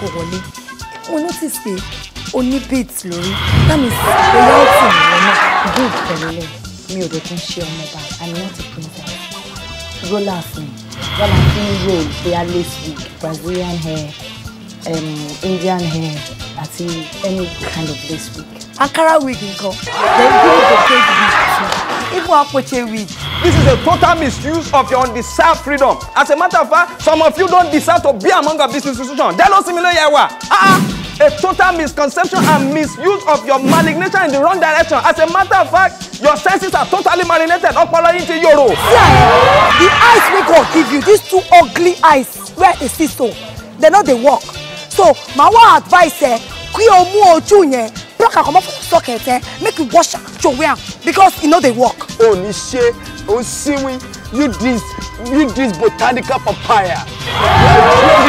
kó wọlé mo notice pé o ní beats lórí that means bóyá ó tì mí lọ́nà good pẹ̀lú lẹ̀ mi ò dẹ̀ tún ṣe ọmọọba i'm not a princess roller fún roller fún roll bóyá lace wig brazilian hair um, indian hair àti any kind of lace wig. ankara wig nǹkan dem gbé ìgbòkè ìgbìyànjú ibùn àpòṣe wig. This is a total misuse of your undeserved freedom. As a matter of fact, some of you don't deserve to be among a business institution. They Delo similar yewa. Ah, a total misconception and misuse of your malignation in the wrong direction. As a matter of fact, your senses are totally marinated. Ọpọlọ yín ti yòrò. The eyes we God give you, these two ugly eyes Where is this so, They know they work. So, my one advice eh, kí o mú ojú yẹn pluck am comot for socket eh, make you wash your throway am because you e know they work. O ní Onsiwi, you this, you this botanical papaya.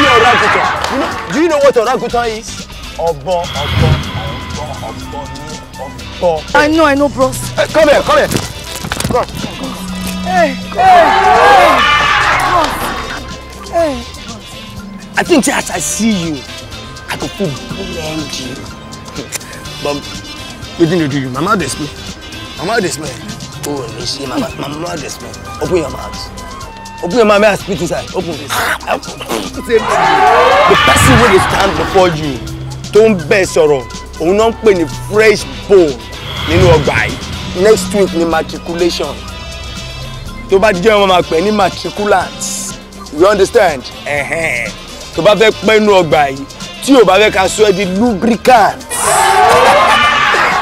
You know orangutan. You know, do you know what orangutan is? Ọ̀bọ, ọ̀bọ, ọ̀bọ, ọ̀bọ ni ọ̀bọ. I know, I know, bros. Hey, come here, come here. Come. Hey, hey, hey. Hey. I think just as I see you, I go feel blend you. But you didn't do you. my Mama dey my Mama dey smell. Oh, Nishi, my, my mouth is small. Open your mouth. Open your mouth, may I spit inside? Open this. the person who stand before you don't ń sorrow. sọ̀rọ̀ òun náà ń fresh bone You know, yìí next week the matriculation To bá jẹ́ wọn máa pè matriculants you understand? tó bá fẹ́ pẹ́ nínú ọgbà yìí tí o bá fẹ́ ká sọ ẹ́ di lubricant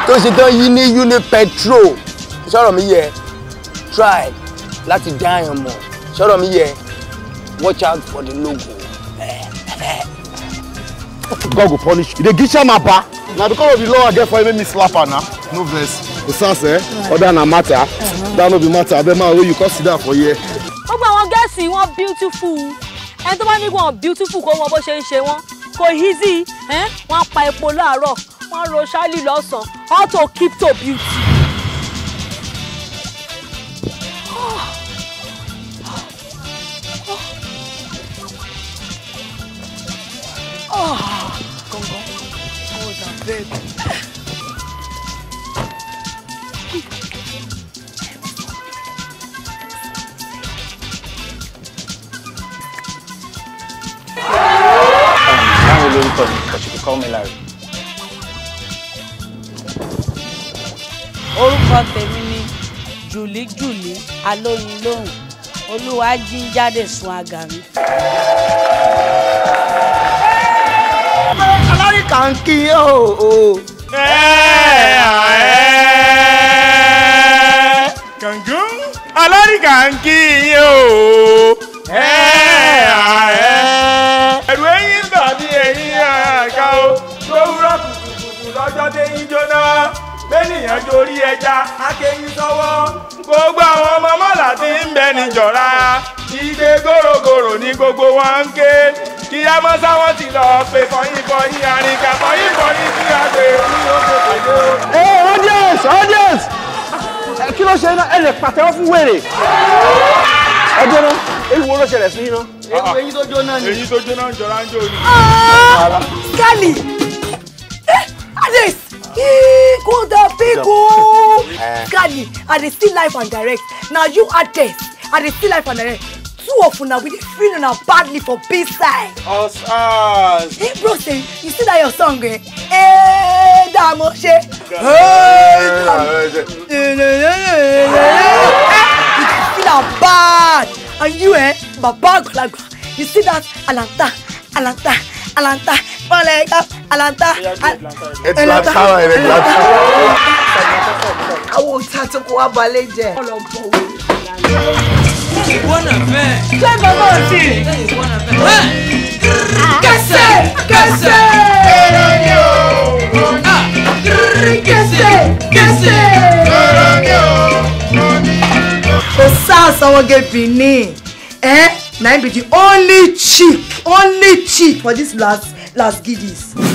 tó you tán yí ní unipetrol sọ̀rọ̀ mi yẹ try láti dá àyàn mọ̀ sọ̀rọ̀ mi yẹ watch out for the logo. God go punish you. They give sham apa. Na because of the law I get for you, make me slap her now. No verse. The sans eh? Other na matter. That no be matter. Abeg ma wey you consider for here. Gbogbo àwọn gẹ̀ẹ́sì wọn beautiful. Ẹni tó bá ní wọn beautiful kó wọn bó ṣe ń ṣe wọn. Kò easy. Eh? Wọ́n á pa epo láàárọ̀. Wọ́n á ro ṣáálì lọ́sàn-án. How to keep to beauty. Call me Larry. Orúkọ tèmi ni Jùlíjùlí Alóyinlóhùn Olúwa jíjáde sun àgà mi. kàǹkì o. kàǹgùn alárì kàǹkì o. ẹ̀rù ẹyin ń dàbí ẹyin ẹ̀ka o tó wúrọ̀ kùkùkù lọ́jọ́ déyìn jóná bẹ́nìyàn dorí ẹja akéyín sọ́wọ́ gbogbo àwọn ọmọ mọ́là ti ń bẹ níjọ̀ra igbe gòrògòrò ni gbogbo wọn ń kí á mọ́ sáwọn ti lọ pé fọyín fọyín àríkà fọyín fọyín kí á pè ní oṣù pẹ̀lú. ẹ audience audience kí ló ṣe iná ẹ lè pàtẹ́wọ́ fún wèrè ẹ dúró ewu ló ṣẹlẹ̀ sí iná. èyí tó jóná ni èyí tó jóná ń jọra ń jó ni. Ah! kálí alice equal the people kálí i dey still live and direct na you are dead i dey still live and direct two of una we dey feel una badly for B-side. us us. hey eh, bro say you see that your song eh, eh hey, eh, damo se hey damo you dey feel am bad and you eh baba agbalagba you see that alanta alanta alanta pọlẹta alanta alanta. àwọn òtítà tó kó wá balẹ̀ jẹ́. ọlọ́pàá wo ni ìlànà. Lẹ́yìn ìwọ́nà bẹ́ẹ̀. Ṣé bàbá ò sí? Lẹ́yìn ìwọ́nà bẹ́ẹ̀. Kẹsẹ̀ kẹsẹ̀. Èrò ni o. Kẹsẹ̀ kẹsẹ̀. Èrò ni o. Kò sáà sanwó-gé Benin. Eh? Na im be the only chick only chick for this last last guineas.